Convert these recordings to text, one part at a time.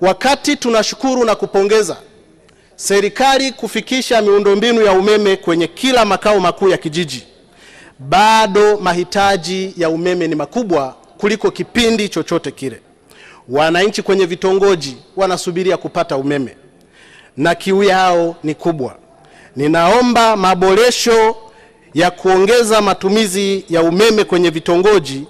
Wakati tunashukuru na kupongeza serikali kufikisha miundombinu ya umeme kwenye kila makao makuu ya kijiji, bado mahitaji ya umeme ni makubwa kuliko kipindi chochote kile. Wananchi kwenye vitongoji wanasubiria kupata umeme na kiu yao ni kubwa. Ninaomba maboresho ya kuongeza matumizi ya umeme kwenye vitongoji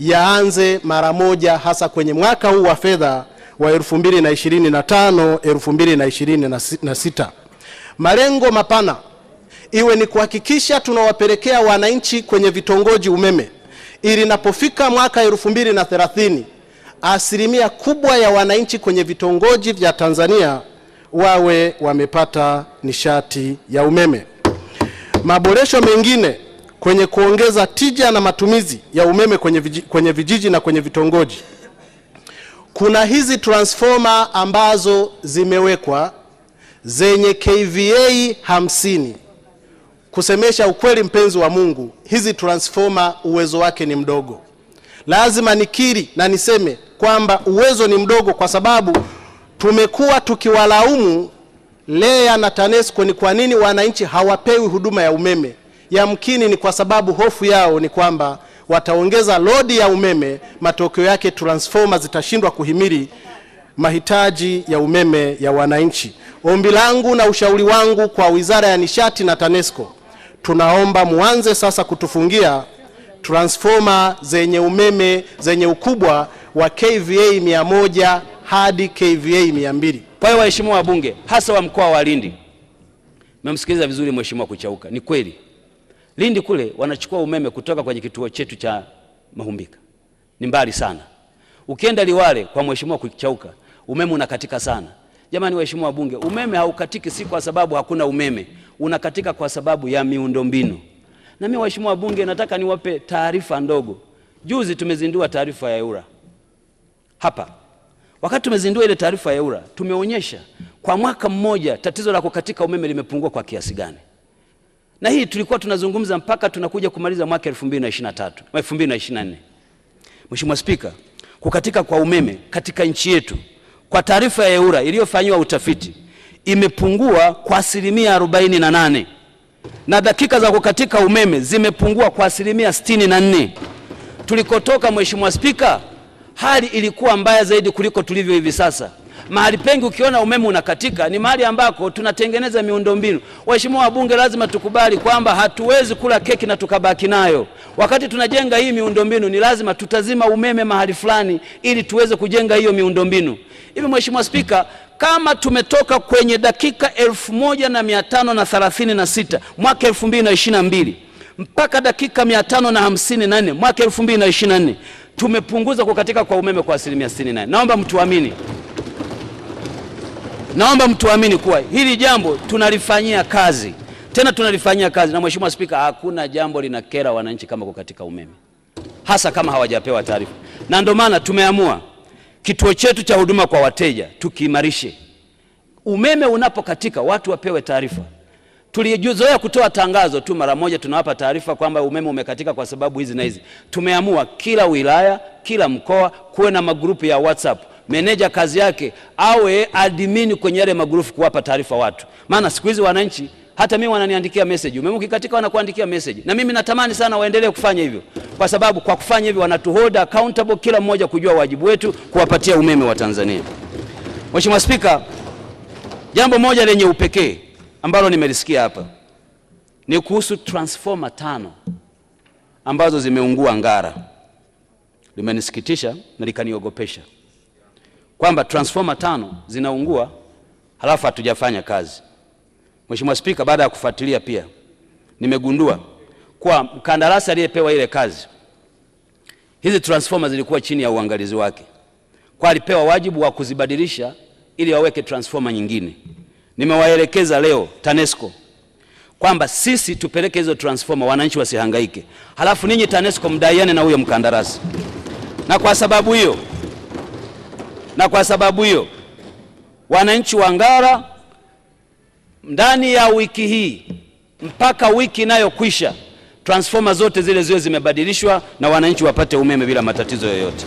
yaanze mara moja, hasa kwenye mwaka huu wa fedha wa 2025 2026. Malengo mapana iwe ni kuhakikisha tunawapelekea wananchi kwenye vitongoji umeme ili napofika mwaka 2030 asilimia kubwa ya wananchi kwenye vitongoji vya Tanzania wawe wamepata nishati ya umeme. Maboresho mengine kwenye kuongeza tija na matumizi ya umeme kwenye vijiji, kwenye vijiji na kwenye vitongoji kuna hizi transformer ambazo zimewekwa zenye KVA hamsini. Kusemesha ukweli, mpenzi wa Mungu, hizi transformer uwezo wake ni mdogo. Lazima nikiri na niseme kwamba uwezo ni mdogo, kwa sababu tumekuwa tukiwalaumu LEA na TANESCO ni kwa nini wananchi hawapewi huduma ya umeme. Yamkini ni kwa sababu hofu yao ni kwamba wataongeza lodi ya umeme, matokeo yake transformer zitashindwa kuhimili mahitaji ya umeme ya wananchi. Ombi langu na ushauri wangu kwa Wizara ya Nishati na TANESCO, tunaomba muanze sasa kutufungia transformer zenye umeme zenye ukubwa wa kVA moja hadi kVA mbili. Kwa hiyo waheshimiwa wabunge, hasa wa mkoa wa Lindi, mmemsikiliza vizuri mheshimiwa Kuchauka, ni kweli Lindi kule wanachukua umeme kutoka kwenye kituo chetu cha Mahumbika, ni mbali sana. Ukienda Liwale kwa mheshimiwa Kuchauka, umeme unakatika sana. Jamani waheshimiwa wabunge, umeme haukatiki si kwa sababu hakuna umeme, unakatika kwa sababu ya miundombinu. Na mimi waheshimiwa wabunge, nataka niwape taarifa ndogo. Juzi tumezindua taarifa ya EWURA hapa. Wakati tumezindua ile taarifa ya EWURA, tumeonyesha kwa mwaka mmoja tatizo la kukatika umeme limepungua kwa kiasi gani na hii tulikuwa tunazungumza mpaka tunakuja kumaliza mwaka 2023 2024. Mheshimiwa Spika, kukatika kwa umeme katika nchi yetu kwa taarifa ya EWURA iliyofanywa utafiti imepungua kwa asilimia 48 na dakika za kukatika umeme zimepungua kwa asilimia 64. Tulikotoka Mheshimiwa Spika, hali ilikuwa mbaya zaidi kuliko tulivyo hivi sasa mahali pengi ukiona umeme unakatika ni mahali ambako tunatengeneza miundombinu. Waheshimiwa wabunge, lazima tukubali kwamba hatuwezi kula keki na tukabaki nayo. Wakati tunajenga hii miundombinu, ni lazima tutazima umeme mahali fulani ili tuweze kujenga hiyo miundombinu. Hivi Mheshimiwa Spika, kama tumetoka kwenye dakika elfu moja na mia tano na thelathini na sita mwaka elfu mbili na ishirini na mbili mpaka dakika mia tano na hamsini na nne mwaka elfu mbili na ishirini na nne tumepunguza kukatika kwa umeme kwa asilimia sitini na nane. Naomba mtuamini. Naomba mtuamini kuwa hili jambo tunalifanyia kazi, tena tunalifanyia kazi. Na Mheshimiwa Spika, hakuna jambo linakera wananchi kama kukatika umeme, hasa kama hawajapewa taarifa, na ndio maana tumeamua kituo chetu cha huduma kwa wateja tukiimarishe. Umeme unapokatika watu wapewe taarifa. Tulizoea kutoa tangazo tu mara moja, tunawapa taarifa kwamba umeme umekatika kwa sababu hizi na hizi. Tumeamua kila wilaya, kila mkoa kuwe na magrupu ya WhatsApp meneja kazi yake awe admin kwenye yale magrupu kuwapa taarifa watu, maana siku hizi wananchi hata mimi wananiandikia message, umemuki katika wanakuandikia message, na mimi natamani sana waendelee kufanya hivyo, kwa sababu kwa kufanya hivyo wanatuhold accountable, kila mmoja kujua wajibu wetu kuwapatia umeme wa Tanzania. Mheshimiwa Spika, jambo moja lenye upekee ambalo nimelisikia hapa ni kuhusu transformer tano ambazo zimeungua Ngara, limenisikitisha na likaniogopesha kwamba transformer tano zinaungua halafu hatujafanya kazi. Mheshimiwa Spika, baada ya kufuatilia pia nimegundua kwa mkandarasi aliyepewa ile kazi, hizi transformer zilikuwa chini ya uangalizi wake, kwa alipewa wajibu wa kuzibadilisha ili waweke transformer nyingine. Nimewaelekeza leo TANESCO kwamba sisi tupeleke hizo transformer, wananchi wasihangaike, halafu ninyi TANESCO mdaiane na huyo mkandarasi, na kwa sababu hiyo na kwa sababu hiyo wananchi wa Ngara ndani ya wiki hii mpaka wiki inayokwisha transformer zote zile ziwe zimebadilishwa na wananchi wapate umeme bila matatizo yoyote.